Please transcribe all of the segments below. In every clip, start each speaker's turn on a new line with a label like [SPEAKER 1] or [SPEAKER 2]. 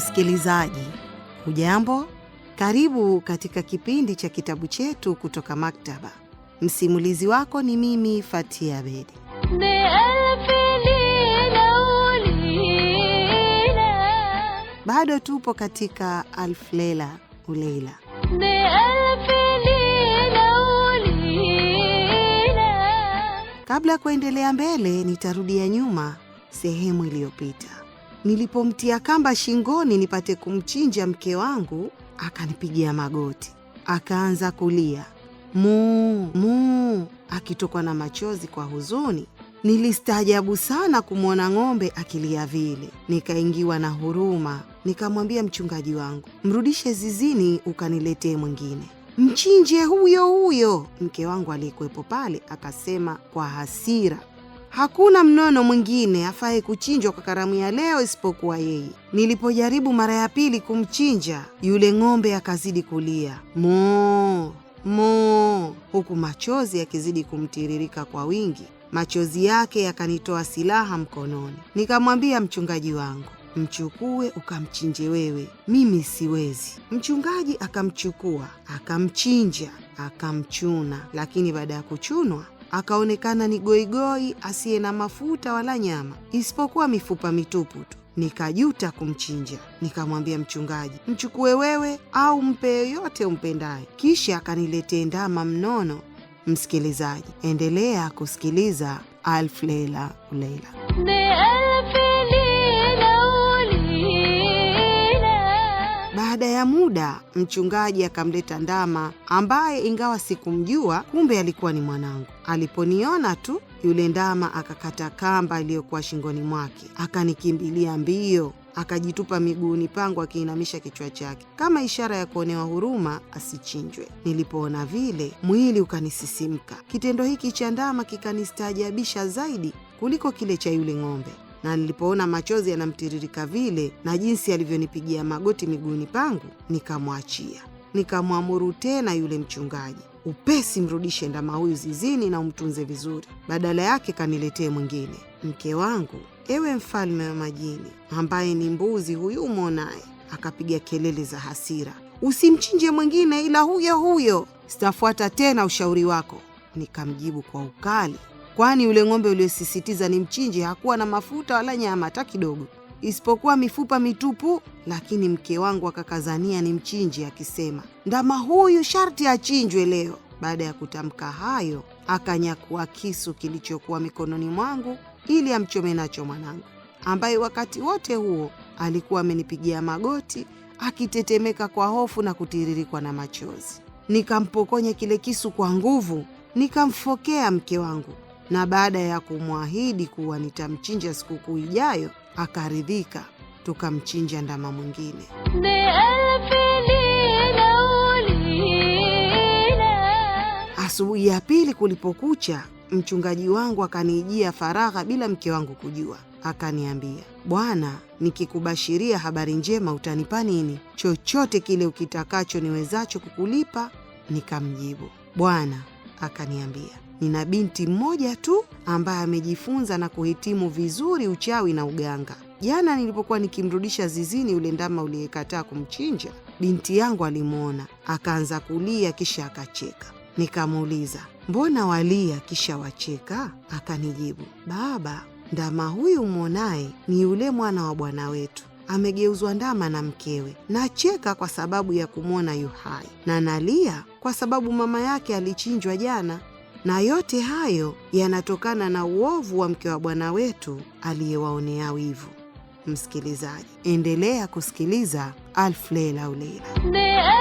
[SPEAKER 1] Msikilizaji, hujambo? Karibu katika kipindi cha kitabu chetu kutoka maktaba. Msimulizi wako ni mimi Fatia bedi Bado tupo katika alflela uleila Kabla ya kuendelea mbele, nitarudia nyuma sehemu iliyopita. Nilipomtia kamba shingoni nipate kumchinja mke wangu, akanipigia magoti, akaanza kulia muu muu, akitokwa na machozi kwa huzuni. Nilistaajabu sana kumwona ng'ombe akilia vile, nikaingiwa na huruma. Nikamwambia mchungaji wangu, mrudishe zizini ukaniletee mwingine, mchinje huyo huyo. Mke wangu aliyekuwepo pale akasema kwa hasira, Hakuna mnono mwingine afaye kuchinjwa kwa karamu ya leo isipokuwa yeye. Nilipojaribu mara ya pili kumchinja, yule ng'ombe akazidi kulia moo moo, huku machozi yakizidi kumtiririka kwa wingi. Machozi yake yakanitoa silaha mkononi. Nikamwambia mchungaji wangu, mchukue ukamchinje wewe, mimi siwezi. Mchungaji akamchukua akamchinja, akamchuna, lakini baada ya kuchunwa akaonekana ni goigoi asiye na mafuta wala nyama, isipokuwa mifupa mitupu tu. Nikajuta kumchinja, nikamwambia mchungaji, mchukue wewe au mpe yoyote umpendaye. Kisha akaniletee ndama mnono. Msikilizaji, endelea kusikiliza Alfu Lela u Lela. ya muda, mchungaji akamleta ndama ambaye ingawa sikumjua, kumbe alikuwa ni mwanangu. Aliponiona tu yule ndama akakata kamba iliyokuwa shingoni mwake, akanikimbilia mbio, akajitupa miguuni pangu, akiinamisha kichwa chake kama ishara ya kuonewa huruma asichinjwe. Nilipoona vile, mwili ukanisisimka. Kitendo hiki cha ndama kikanistaajabisha zaidi kuliko kile cha yule ng'ombe na nilipoona machozi yanamtiririka vile na jinsi alivyonipigia magoti miguuni pangu, nikamwachia. Nikamwamuru tena yule mchungaji, upesi mrudishe ndama huyu zizini na umtunze vizuri, badala yake kaniletee mwingine. Mke wangu, ewe mfalme wa majini, ambaye ni mbuzi huyu mwonaye, akapiga kelele za hasira, usimchinje mwingine ila huyo huyo, sitafuata tena ushauri wako. Nikamjibu kwa ukali kwani yule ng'ombe uliosisitiza ni mchinji hakuwa na mafuta wala nyama hata kidogo, isipokuwa mifupa mitupu. Lakini mke wangu akakazania ni mchinji, akisema ndama huyu sharti achinjwe leo. Baada ya kutamka hayo, akanyakua kisu kilichokuwa mikononi mwangu ili amchome nacho mwanangu, ambaye wakati wote huo alikuwa amenipigia magoti akitetemeka kwa hofu na kutiririkwa na machozi. Nikampokonya kile kisu kwa nguvu, nikamfokea mke wangu na baada ya kumwahidi kuwa nitamchinja sikukuu ijayo, akaridhika. Tukamchinja ndama mwingine. Asubuhi ya pili kulipokucha, mchungaji wangu akaniijia faragha bila mke wangu kujua, akaniambia, bwana, nikikubashiria habari njema utanipa nini? Chochote kile ukitakacho niwezacho kukulipa. Nikamjibu, bwana. Akaniambia, nina binti mmoja tu ambaye amejifunza na kuhitimu vizuri uchawi na uganga. Jana nilipokuwa nikimrudisha zizini yule ndama uliyekataa kumchinja, binti yangu alimwona akaanza kulia, kisha akacheka. Nikamuuliza, mbona walia kisha wacheka? Akanijibu, baba, ndama huyu mwonaye ni yule mwana wa bwana wetu amegeuzwa ndama na mkewe. Nacheka kwa sababu ya kumwona yu hai na nalia kwa sababu mama yake alichinjwa jana na yote hayo yanatokana na uovu wa mke wa bwana wetu aliyewaonea wivu. Msikilizaji, endelea kusikiliza Alfu Lela u Lela.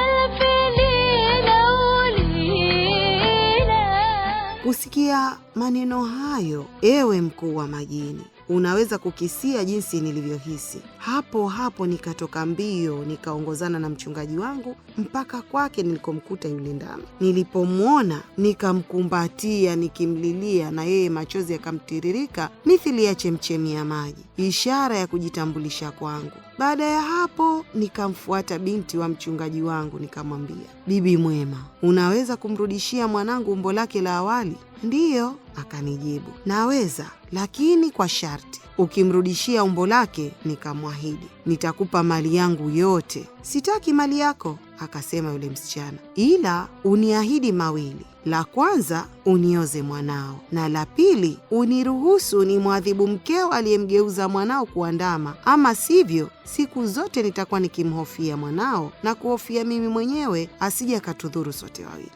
[SPEAKER 1] Kusikia maneno hayo, ewe mkuu wa majini, unaweza kukisia jinsi nilivyohisi. Hapo hapo nikatoka mbio, nikaongozana na mchungaji wangu mpaka kwake nilikomkuta yule ndama. Nilipomwona nikamkumbatia, nikimlilia, na yeye machozi yakamtiririka mithili ya chemchemi ya maji, ishara ya kujitambulisha kwangu. Baada ya hapo nikamfuata binti wa mchungaji wangu, nikamwambia, bibi mwema, unaweza kumrudishia mwanangu umbo lake la awali? Ndiyo, akanijibu, naweza, lakini kwa sharti ukimrudishia umbo lake. Nikamwahidi nitakupa mali yangu yote. Sitaki mali yako, akasema yule msichana, ila uniahidi mawili. La kwanza unioze mwanao, na la pili uniruhusu ni mwadhibu mkeo aliyemgeuza mwanao kuwa ndama, ama sivyo siku zote nitakuwa nikimhofia mwanao na kuhofia mimi mwenyewe, asije akatudhuru sote wawili.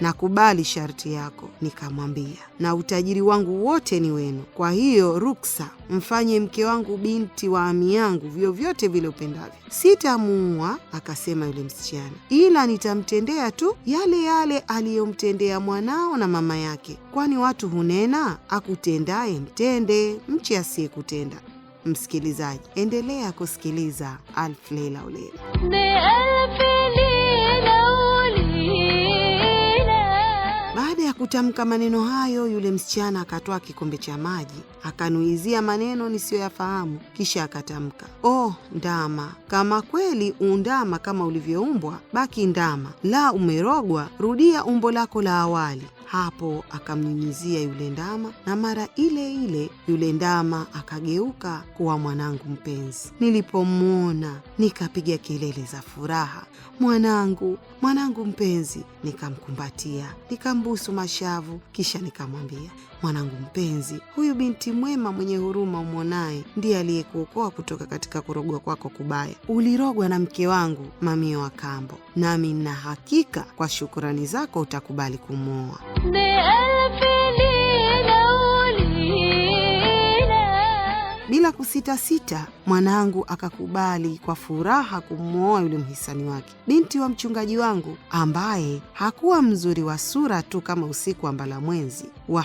[SPEAKER 1] nakubali sharti yako, nikamwambia, na utajiri wangu wote ni wenu. Kwa hiyo ruksa, mfanye mke wangu binti wa ami yangu vyovyote vile upendavyo. Sitamuua, akasema yule msichana, ila nitamtendea tu yale yale aliyomtendea mwanao na mama yake, kwani watu hunena, akutendaye mtende, mche asiyekutenda. Msikilizaji, endelea kusikiliza Alfu Lela u Lela. Baada ya kutamka maneno hayo, yule msichana akatoa kikombe cha maji akanuizia maneno nisiyoyafahamu, kisha akatamka, oh, ndama, kama kweli undama kama ulivyoumbwa, baki ndama, la umerogwa, rudia umbo lako la awali. Hapo akamnyunyizia yule ndama, na mara ile ile yule ndama akageuka kuwa mwanangu mpenzi. Nilipomwona nikapiga kelele za furaha, mwanangu, mwanangu mpenzi! Nikamkumbatia, nikambusu mashavu, kisha nikamwambia Mwanangu mpenzi, huyu binti mwema mwenye huruma umwonaye ndiye aliyekuokoa kutoka katika kurogwa kwako kubaya. Ulirogwa na mke wangu Mamio wa kambo, nami na hakika kwa shukurani zako utakubali kumwoa. Bila kusitasita, mwanangu akakubali kwa furaha kumwoa yule mhisani wake, binti wa mchungaji wangu, ambaye hakuwa mzuri wa sura tu kama usiku wa mbalamwenzi wa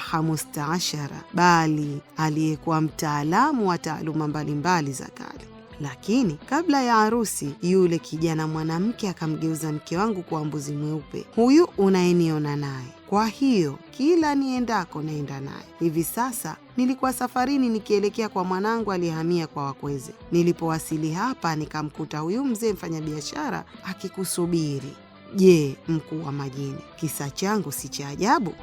[SPEAKER 1] ashara bali aliyekuwa mtaalamu wa taaluma mbalimbali za kale. Lakini kabla ya harusi, yule kijana mwanamke akamgeuza mke wangu kuwa mbuzi mweupe, huyu unayeniona naye kwa hiyo kila niendako naenda naye. Hivi sasa nilikuwa safarini nikielekea kwa mwanangu aliyehamia kwa wakweze. Nilipowasili hapa, nikamkuta huyu mzee mfanyabiashara akikusubiri. Je, mkuu wa majini, kisa changu si cha ajabu?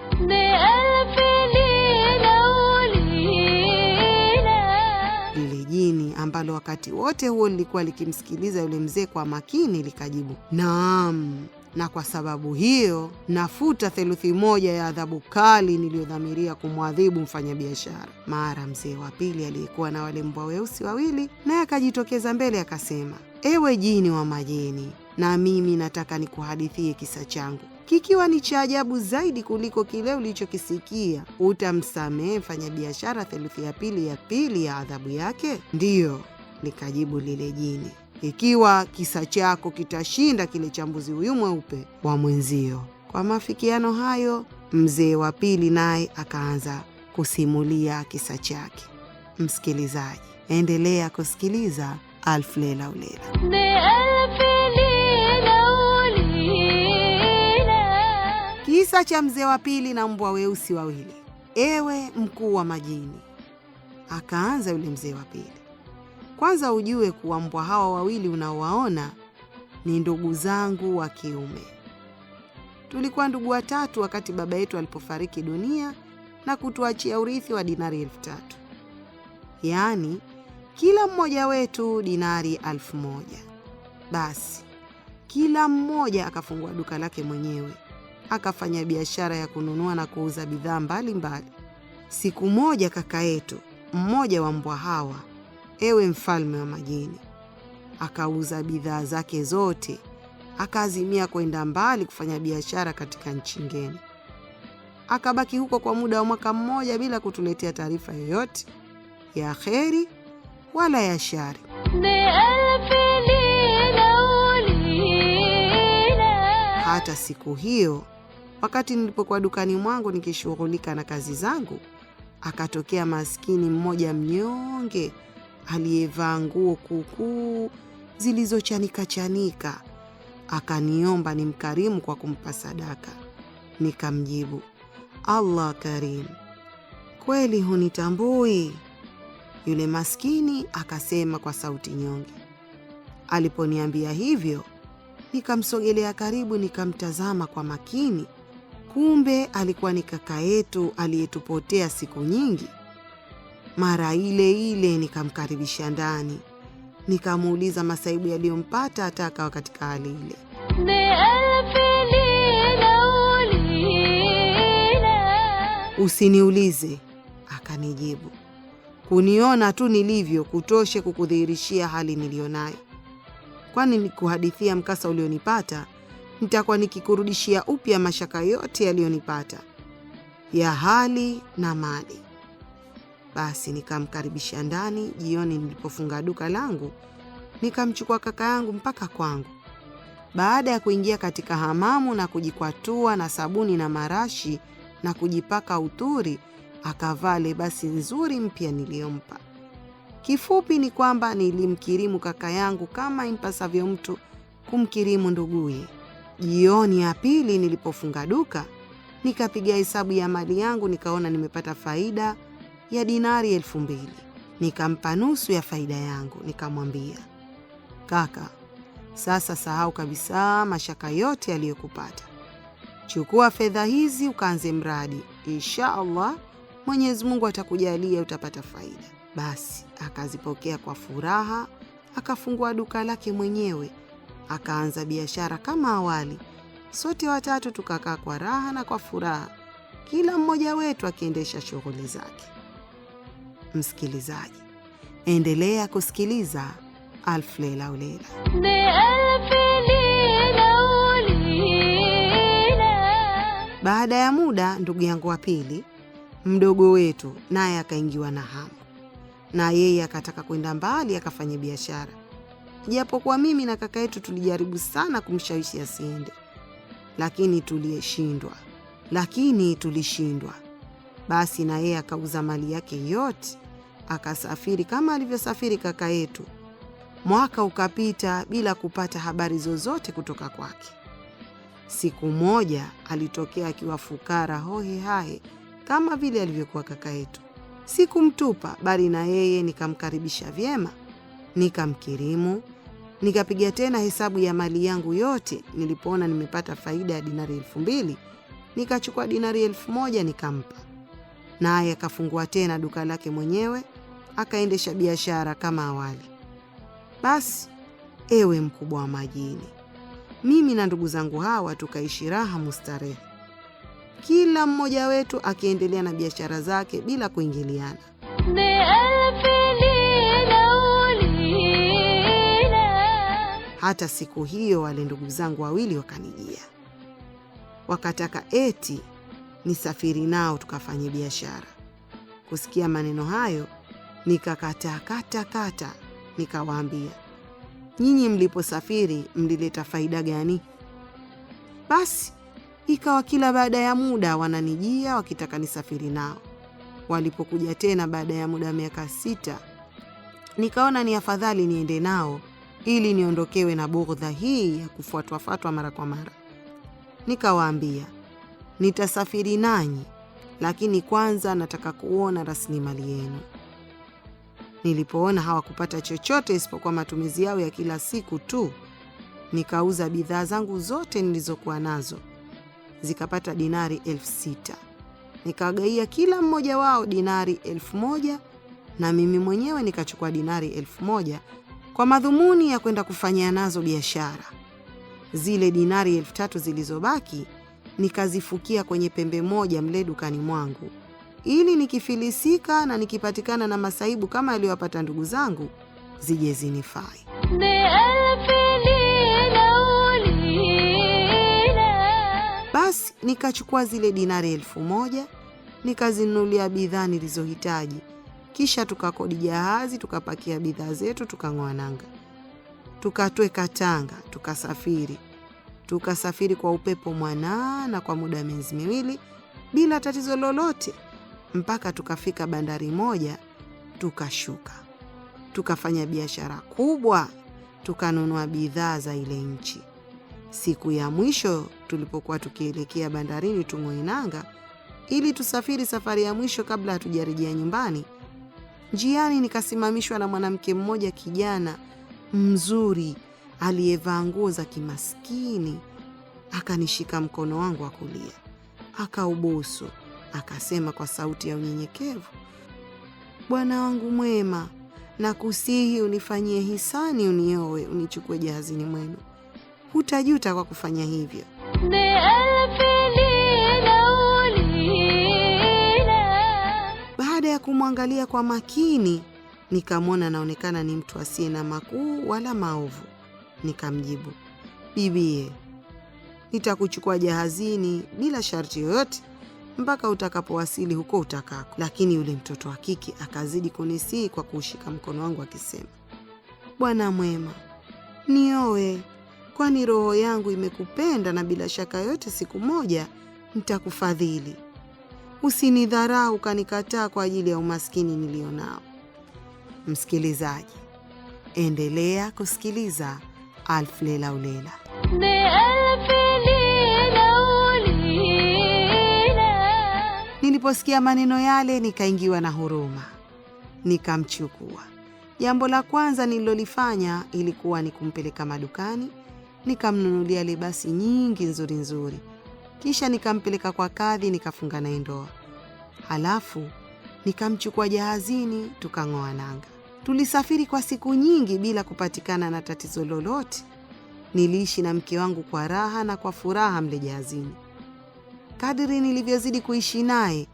[SPEAKER 1] jini ambalo wakati wote huo lilikuwa likimsikiliza yule mzee kwa makini likajibu, naam na kwa sababu hiyo nafuta theluthi moja ya adhabu kali niliyodhamiria kumwadhibu mfanyabiashara. Mara mzee wa pili aliyekuwa na wale mbwa weusi wawili naye akajitokeza mbele akasema, ewe jini wa majini, na mimi nataka nikuhadithie kisa changu kikiwa ni cha ajabu zaidi kuliko kile ulichokisikia. Utamsamehe mfanyabiashara theluthi ya pili ya pili ya adhabu yake? Ndiyo, likajibu lile jini ikiwa kisa chako kitashinda kile cha mbuzi huyu mweupe wa mwenzio. Kwa mafikiano hayo, mzee wa pili naye akaanza kusimulia kisa chake. Msikilizaji, endelea kusikiliza Alfu Lela U Lela. Kisa cha mzee wa pili na mbwa weusi wawili. Ewe mkuu wa majini, akaanza yule mzee wa pili kwanza ujue kuwa mbwa hawa wawili unaowaona ni ndugu zangu wa kiume. Tulikuwa ndugu watatu wakati baba yetu alipofariki dunia na kutuachia urithi wa dinari elfu tatu yaani kila mmoja wetu dinari alfu moja. Basi kila mmoja akafungua duka lake mwenyewe, akafanya biashara ya kununua na kuuza bidhaa mbalimbali. Siku moja kaka yetu mmoja wa mbwa hawa ewe mfalme wa majini. Akauza bidhaa zake zote, akaazimia kwenda mbali kufanya biashara katika nchi ngeni. Akabaki huko kwa muda wa mwaka mmoja bila kutuletea taarifa yoyote ya kheri wala ya shari. Hata siku hiyo, wakati nilipokuwa dukani mwangu nikishughulika na kazi zangu, akatokea maskini mmoja mnyonge aliyevaa nguo kuukuu zilizochanika chanika, akaniomba ni mkarimu kwa kumpa sadaka. Nikamjibu, Allah karim, kweli hunitambui? Yule maskini akasema kwa sauti nyonge. Aliponiambia hivyo, nikamsogelea karibu, nikamtazama kwa makini. Kumbe alikuwa ni kaka yetu aliyetupotea siku nyingi. Mara ile ile nikamkaribisha ndani, nikamuuliza masaibu yaliyompata hata akawa katika hali ile. Usiniulize, akanijibu. Kuniona tu nilivyo kutoshe kukudhihirishia hali niliyonayo, kwani nikuhadithia mkasa ulionipata nitakuwa nikikurudishia upya mashaka yote yaliyonipata ya hali na mali. Basi nikamkaribisha ndani. Jioni nilipofunga duka langu, nikamchukua kaka yangu mpaka kwangu. Baada ya kuingia katika hamamu na kujikwatua na sabuni na marashi na kujipaka uturi, akavaa lebasi nzuri mpya niliyompa. Kifupi ni kwamba nilimkirimu kaka yangu kama impasavyo mtu kumkirimu nduguye. Jioni ya pili nilipofunga duka, nikapiga hesabu ya mali yangu, nikaona nimepata faida ya dinari elfu mbili. Nikampa nusu ya faida yangu, nikamwambia, kaka, sasa sahau kabisa mashaka yote yaliyokupata. Chukua fedha hizi ukaanze mradi, insha Allah Mwenyezi Mungu atakujalia utapata faida. Basi akazipokea kwa furaha, akafungua duka lake mwenyewe, akaanza biashara kama awali. Sote watatu tukakaa kwa raha na kwa furaha, kila mmoja wetu akiendesha shughuli zake msikilizaji, endelea kusikiliza Alfu Lela u Lela. Baada ya muda, ndugu yangu wa pili mdogo wetu naye akaingiwa na hamu, na yeye akataka kwenda mbali akafanya biashara, japokuwa mimi na kaka yetu tulijaribu sana kumshawishi asiende, lakini tulishindwa, lakini tulishindwa basi na yeye akauza mali yake yote akasafiri kama alivyosafiri kaka yetu. Mwaka ukapita bila kupata habari zozote kutoka kwake. Siku moja alitokea akiwa fukara hohe hahe kama vile alivyokuwa kaka yetu. Sikumtupa bali na yeye nikamkaribisha vyema, nikamkirimu, nikapiga tena hesabu ya mali yangu yote. Nilipoona nimepata faida ya dinari elfu mbili nikachukua dinari elfu moja nikampa naye akafungua tena duka lake mwenyewe akaendesha biashara kama awali. Basi ewe mkubwa wa majini, mimi na ndugu zangu hawa tukaishi raha mustarehe, kila mmoja wetu akiendelea na biashara zake bila kuingiliana. Hata siku hiyo wale ndugu zangu wawili wakanijia, wakataka eti nisafiri nao tukafanye biashara. Kusikia maneno hayo, nikakata kata, nikawaambia, nyinyi mliposafiri mlileta faida gani? Basi ikawa kila baada ya muda wananijia wakitaka nisafiri nao. Walipokuja tena baada ya muda wa miaka sita, nikaona ni afadhali niende nao ili niondokewe na bughdha hii ya kufuatwafatwa mara kwa mara. Nikawaambia, nitasafiri nanyi, lakini kwanza nataka kuona rasilimali yenu. Nilipoona hawakupata chochote isipokuwa matumizi yao ya kila siku tu, nikauza bidhaa zangu zote nilizokuwa nazo, zikapata dinari elfu sita. Nikawagaia kila mmoja wao dinari elfu moja na mimi mwenyewe nikachukua dinari elfu moja kwa madhumuni ya kwenda kufanyia nazo biashara. Zile dinari elfu tatu zilizobaki nikazifukia kwenye pembe moja mle dukani mwangu, ili nikifilisika na nikipatikana na masaibu kama yaliyowapata ndugu zangu zije zinifai. Basi nikachukua zile dinari elfu moja nikazinunulia bidhaa nilizohitaji, kisha tukakodi jahazi, tukapakia bidhaa zetu, tukang'oa nanga, tukatweka Tanga, tukasafiri tukasafiri kwa upepo mwanana kwa muda miezi miwili bila tatizo lolote, mpaka tukafika bandari moja, tukashuka, tukafanya biashara kubwa, tukanunua bidhaa za ile nchi. Siku ya mwisho tulipokuwa tukielekea bandarini Tumoinanga ili tusafiri safari ya mwisho kabla hatujarejea nyumbani, njiani nikasimamishwa na mwanamke mmoja kijana mzuri aliyevaa nguo za kimaskini akanishika mkono wangu wa kulia, akaubusu, akasema kwa sauti ya unyenyekevu, bwana wangu mwema, nakusihi unifanyie hisani, uniowe, unichukue jahazini mwenu. Hutajuta kwa kufanya hivyo. Baada ya kumwangalia kwa makini, nikamwona anaonekana ni mtu asiye na makuu wala maovu. Nikamjibu, bibie, nitakuchukua jahazini bila sharti yoyote mpaka utakapowasili huko utakako. Lakini yule mtoto wa kike akazidi kunisii kwa kuushika mkono wangu akisema, bwana mwema, nioe, kwani roho yangu imekupenda na bila shaka yote siku moja nitakufadhili. Usinidharau ukanikataa kwa ajili ya umaskini nilionao. Msikilizaji, endelea kusikiliza ألف ليلة وليلة Niliposikia maneno yale nikaingiwa na huruma, nikamchukua. Jambo la kwanza nililolifanya ilikuwa ni kumpeleka madukani, nikamnunulia libasi nyingi nzuri nzuri, kisha nikampeleka kwa kadhi, nikafunga naye ndoa. Halafu nikamchukua jahazini, tukang'oa nanga. Tulisafiri kwa siku nyingi bila kupatikana na tatizo lolote. Niliishi na mke wangu kwa raha na kwa furaha mle jahazini. kadri nilivyozidi kuishi naye,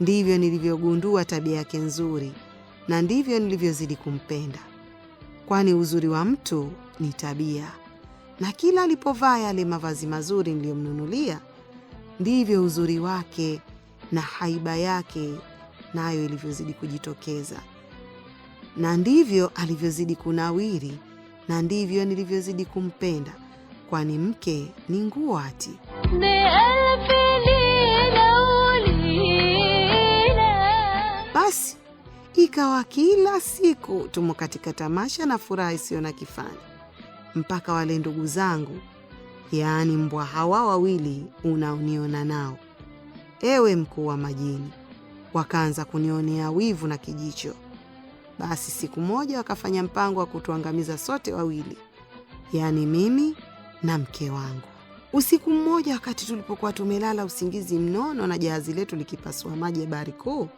[SPEAKER 1] ndivyo nilivyogundua tabia yake nzuri na ndivyo nilivyozidi kumpenda, kwani uzuri wa mtu ni tabia, na kila alipovaa yale mavazi mazuri niliyomnunulia, ndivyo uzuri wake na haiba yake nayo na ilivyozidi kujitokeza na ndivyo alivyozidi kunawiri, na ndivyo nilivyozidi kumpenda, kwani mke ni ati Basi ikawa kila siku tumo katika tamasha na furaha isiyo na kifani, mpaka wale ndugu zangu, yaani mbwa hawa wawili unaoniona nao, ewe mkuu wa majini, wakaanza kunionea wivu na kijicho basi siku moja wakafanya mpango wa kutuangamiza sote wawili, yaani mimi na mke wangu. Usiku mmoja, wakati tulipokuwa tumelala usingizi mnono na jahazi letu likipasua maji ya bahari kuu,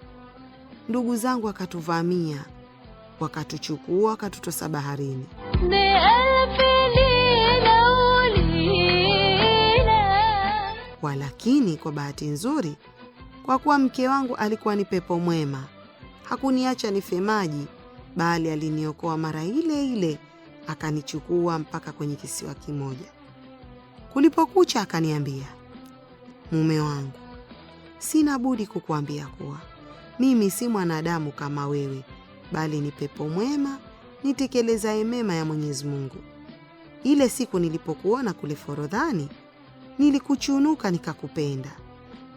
[SPEAKER 1] ndugu zangu wakatuvamia, wakatuchukua, wakatutosa baharini. Walakini, kwa bahati nzuri, kwa kuwa mke wangu alikuwa ni pepo mwema hakuniacha nife maji, bali aliniokoa mara ile ile, akanichukua mpaka kwenye kisiwa kimoja. Kulipokucha akaniambia, mume wangu, sina budi kukuambia kuwa mimi si mwanadamu kama wewe, bali ni pepo mwema nitekelezaye mema ya Mwenyezi Mungu. Ile siku nilipokuona kule Forodhani, nilikuchunuka nikakupenda,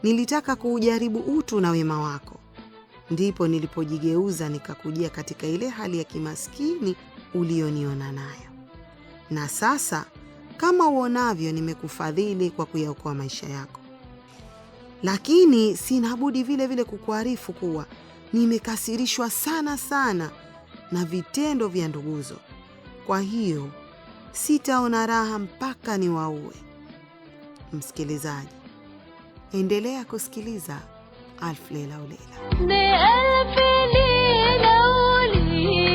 [SPEAKER 1] nilitaka kuujaribu utu na wema wako ndipo nilipojigeuza nikakujia katika ile hali ya kimaskini ulioniona nayo, na sasa kama uonavyo, nimekufadhili kwa kuyaokoa maisha yako, lakini sina budi vile vile kukuarifu kuwa nimekasirishwa sana sana na vitendo vya nduguzo. Kwa hiyo sitaona raha mpaka niwaue. Msikilizaji, endelea kusikiliza ألف ليلة وليلة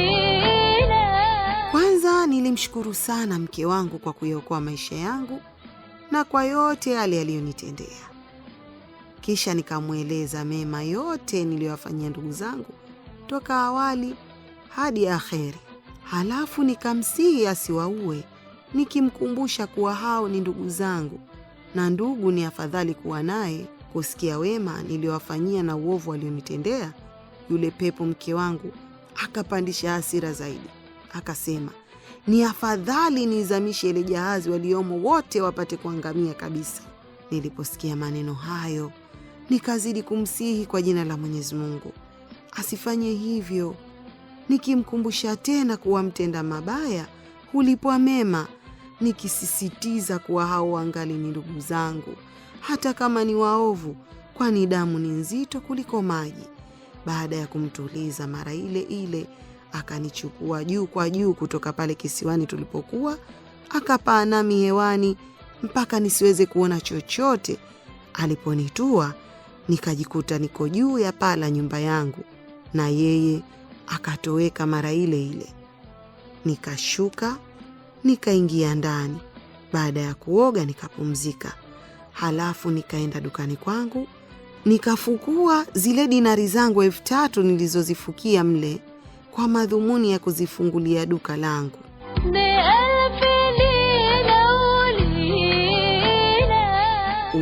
[SPEAKER 1] Kwanza nilimshukuru sana mke wangu kwa kuyaokoa maisha yangu na kwa yote yale yaliyonitendea Kisha nikamweleza mema yote niliyowafanyia ndugu zangu toka awali hadi akheri. Halafu nikamsihi asiwaue, nikimkumbusha kuwa hao ni ndugu zangu na ndugu ni afadhali kuwa naye kusikia wema niliowafanyia na uovu walionitendea, yule pepo mke wangu akapandisha hasira zaidi, akasema, ni afadhali niizamishe ile jahazi waliomo wote wapate kuangamia kabisa. Niliposikia maneno hayo, nikazidi kumsihi kwa jina la Mwenyezi Mungu asifanye hivyo, nikimkumbusha tena kuwa mtenda mabaya hulipwa mema, nikisisitiza kuwa hao wangali ni ndugu zangu hata kama ni waovu, kwani damu ni nzito kuliko maji. Baada ya kumtuliza mara ile ile, akanichukua juu kwa juu kutoka pale kisiwani tulipokuwa, akapaa nami hewani mpaka nisiweze kuona chochote. Aliponitua nikajikuta niko juu ya paa la nyumba yangu, na yeye akatoweka mara ile ile. Nikashuka nikaingia ndani. Baada ya kuoga nikapumzika. Halafu nikaenda dukani kwangu nikafukua zile dinari zangu elfu tatu nilizozifukia mle kwa madhumuni ya kuzifungulia duka langu.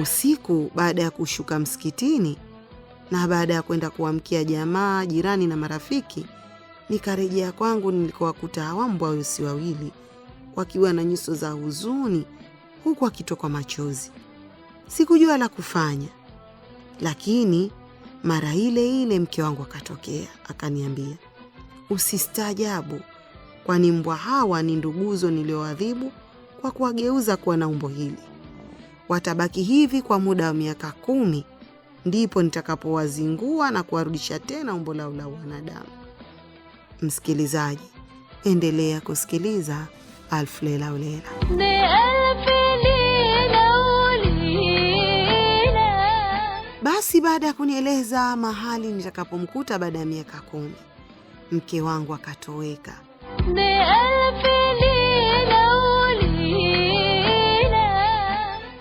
[SPEAKER 1] Usiku baada ya kushuka msikitini na baada ya kwenda kuamkia jamaa, jirani na marafiki, nikarejea kwangu nilikowakuta hawa mbwa weusi wawili wakiwa na nyuso za huzuni, huku wakitokwa machozi. Sikujua la kufanya, lakini mara ile ile mke wangu akatokea akaniambia, usistaajabu, kwani mbwa hawa ni nduguzo nilioadhibu kwa kuwageuza kuwa na umbo hili. Watabaki hivi kwa muda wa miaka kumi, ndipo nitakapowazingua na kuwarudisha tena umbo lao la wanadamu. Msikilizaji, endelea kusikiliza Alfu Lela U Lela. Basi baada ya kunieleza mahali nitakapomkuta baada ya miaka kumi, mke wangu akatoweka.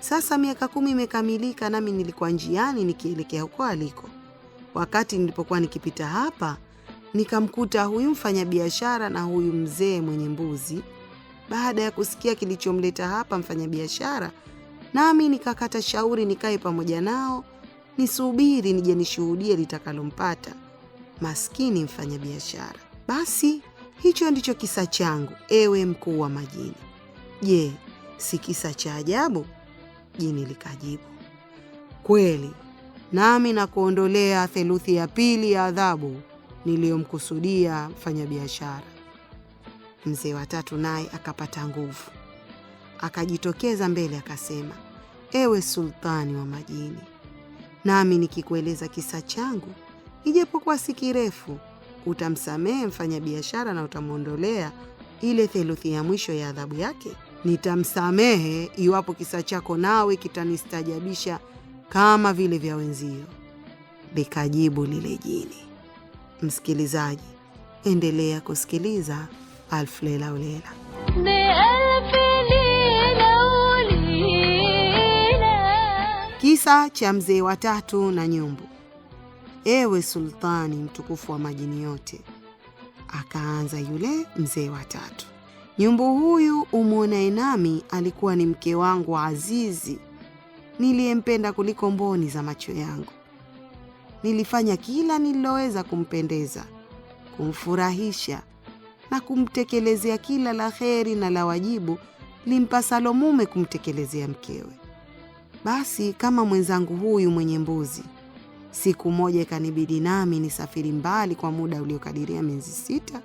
[SPEAKER 1] Sasa miaka kumi imekamilika, nami nilikuwa njiani nikielekea huko aliko. Wakati nilipokuwa nikipita hapa, nikamkuta huyu mfanyabiashara na huyu mzee mwenye mbuzi. Baada ya kusikia kilichomleta hapa mfanyabiashara, nami nikakata shauri nikae pamoja nao nisubiri nije nishuhudie litakalompata maskini mfanyabiashara. Basi hicho ndicho kisa changu, ewe mkuu wa majini. Je, si kisa cha ajabu? Jini likajibu, kweli, nami nakuondolea theluthi ya pili ya adhabu niliyomkusudia mfanyabiashara. Mzee wa tatu naye akapata nguvu, akajitokeza mbele akasema, ewe sultani wa majini, nami nikikueleza kisa changu, ijapokuwa si kirefu, utamsamehe mfanyabiashara na utamwondolea ile theluthi ya mwisho ya adhabu yake? Nitamsamehe iwapo kisa chako nawe kitanistajabisha kama vile vya wenzio, likajibu lile jini. Msikilizaji, endelea kusikiliza Alfu Lela U Lela. Kisa cha mzee wa tatu na nyumbu. Ewe sultani mtukufu wa majini yote, akaanza yule mzee wa tatu, nyumbu huyu umwonaye nami alikuwa ni mke wangu azizi, niliyempenda kuliko mboni za macho yangu. Nilifanya kila nililoweza kumpendeza, kumfurahisha na kumtekelezea kila la heri na la wajibu limpasalo mume kumtekelezea mkewe basi kama mwenzangu huyu mwenye mbuzi. Siku moja ikanibidi nami nisafiri mbali kwa muda uliokadiria miezi sita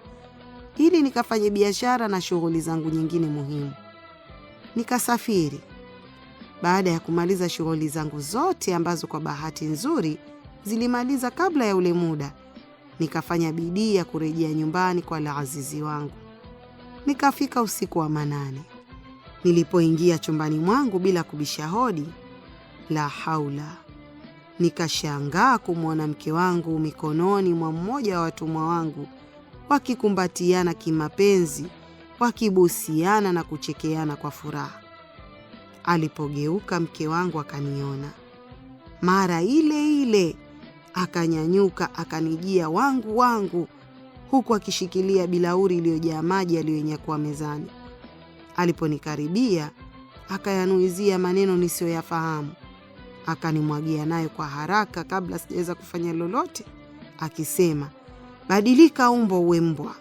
[SPEAKER 1] ili nikafanye biashara na shughuli zangu nyingine muhimu. Nikasafiri. Baada ya kumaliza shughuli zangu zote ambazo kwa bahati nzuri zilimaliza kabla ya ule muda, nikafanya bidii ya kurejea nyumbani kwa Laazizi wangu. Nikafika usiku wa manane. Nilipoingia chumbani mwangu bila kubisha hodi, la haula! Nikashangaa kumwona mke wangu mikononi mwa mmoja wa watumwa wangu, wakikumbatiana kimapenzi, wakibusiana na kuchekeana kwa furaha. Alipogeuka mke wangu akaniona, mara ile ile akanyanyuka akanijia, wangu wangu, huku akishikilia bilauri iliyojaa maji aliyoinyakuwa mezani. Aliponikaribia akayanuizia maneno nisiyoyafahamu akanimwagia naye kwa haraka kabla sijaweza kufanya lolote, akisema, badilika umbo uwe mbwa.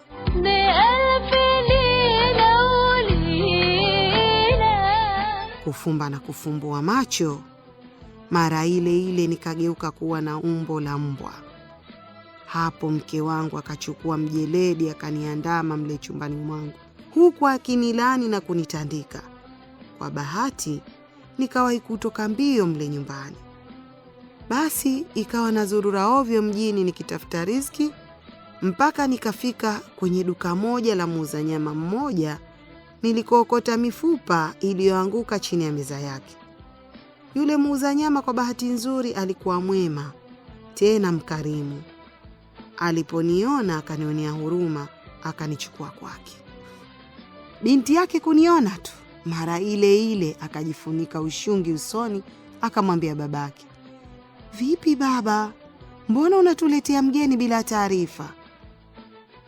[SPEAKER 1] Kufumba na kufumbua macho, mara ile ile nikageuka kuwa na umbo la mbwa. Hapo mke wangu akachukua mjeledi akaniandama mle chumbani mwangu, huku akinilani na kunitandika. Kwa bahati nikawahi kutoka mbio mle nyumbani. Basi ikawa na zurura ovyo mjini nikitafuta riziki mpaka nikafika kwenye duka moja la muuza nyama mmoja nilikookota mifupa iliyoanguka chini ya meza yake. Yule muuza nyama kwa bahati nzuri alikuwa mwema tena mkarimu. Aliponiona akanionea huruma, akanichukua kwake. Binti yake kuniona tu mara ile ile akajifunika ushungi usoni, akamwambia babake, vipi baba, mbona unatuletea mgeni bila taarifa?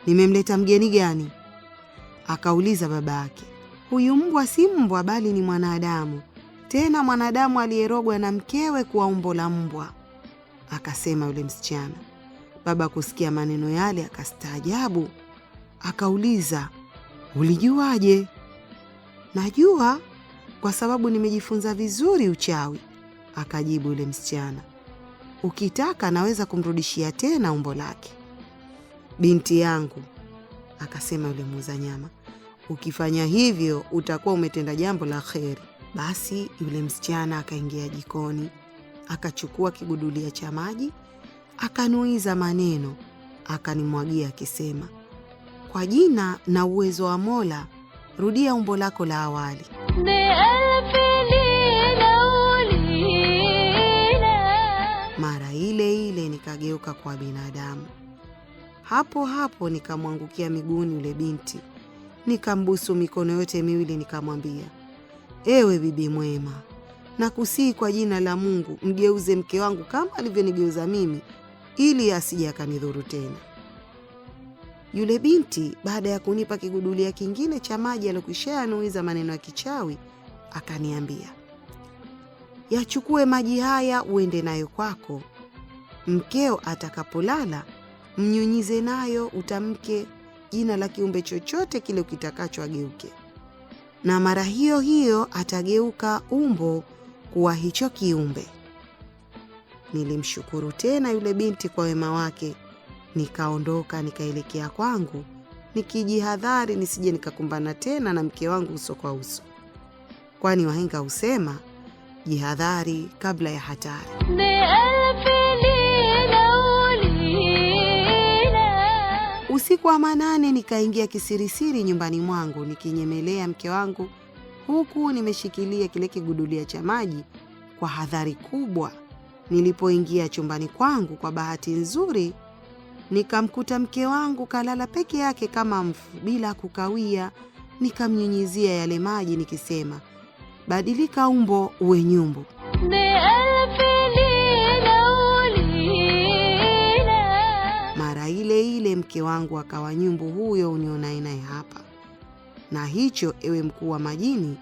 [SPEAKER 1] Nimemleta mgeni gani? akauliza babake. Huyu mbwa si mbwa, bali ni mwanadamu, tena mwanadamu aliyerogwa na mkewe kuwa umbo la mbwa, akasema yule msichana. Baba kusikia maneno yale akastaajabu, akauliza ulijuaje? Najua kwa sababu nimejifunza vizuri uchawi, akajibu yule msichana. Ukitaka naweza kumrudishia tena umbo lake. Binti yangu, akasema yule muuza nyama, ukifanya hivyo utakuwa umetenda jambo la kheri. Basi yule msichana akaingia jikoni, akachukua kigudulia cha maji, akanuiza maneno, akanimwagia akisema, kwa jina na uwezo wa Mola rudia umbo lako la awali. Mara ile ile nikageuka kwa binadamu, hapo hapo nikamwangukia miguuni yule binti, nikambusu mikono yote miwili, nikamwambia, ewe bibi mwema, nakusihi kwa jina la Mungu, mgeuze mke wangu kama alivyonigeuza mimi, ili asije akanidhuru tena. Yule binti baada ya kunipa kigudulia kingine cha maji aliyokwisha yanuiza maneno ya kichawi, akaniambia, yachukue maji haya uende nayo kwako, mkeo atakapolala mnyunyize nayo, utamke jina la kiumbe chochote kile ukitakacho ageuke, na mara hiyo hiyo atageuka umbo kuwa hicho kiumbe. Nilimshukuru tena yule binti kwa wema wake Nikaondoka nikaelekea kwangu nikijihadhari nisije nikakumbana tena na mke wangu uso kwa uso, kwani wahenga husema jihadhari kabla ya hatari. Usiku wa manane nikaingia kisirisiri nyumbani mwangu nikinyemelea mke wangu, huku nimeshikilia kile kigudulia cha maji kwa hadhari kubwa. Nilipoingia chumbani kwangu, kwa bahati nzuri nikamkuta mke wangu kalala peke yake kama mfu bila kukawia. Nikamnyunyizia yale maji nikisema, badilika umbo uwe nyumbu. Mara ile ile mke wangu akawa nyumbu huyo unionaye naye hapa. Na hicho, ewe mkuu wa majini,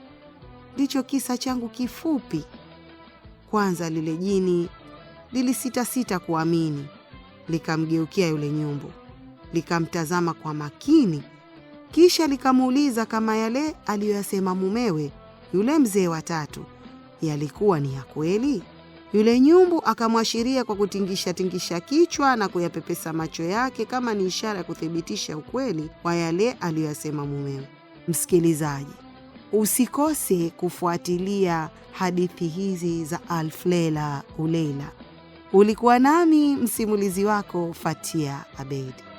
[SPEAKER 1] ndicho kisa changu kifupi. Kwanza lile jini lilisitasita kuamini likamgeukia yule nyumbu, likamtazama kwa makini, kisha likamuuliza kama yale aliyoyasema mumewe yule mzee wa tatu yalikuwa ni ya kweli. Yule nyumbu akamwashiria kwa kutingisha-tingisha kichwa na kuyapepesa macho yake kama ni ishara ya kuthibitisha ukweli wa yale aliyoyasema mumewe. Msikilizaji, usikose kufuatilia hadithi hizi za Alfu Lela u Lela Ulikuwa nami msimulizi wako Fatia Abeid.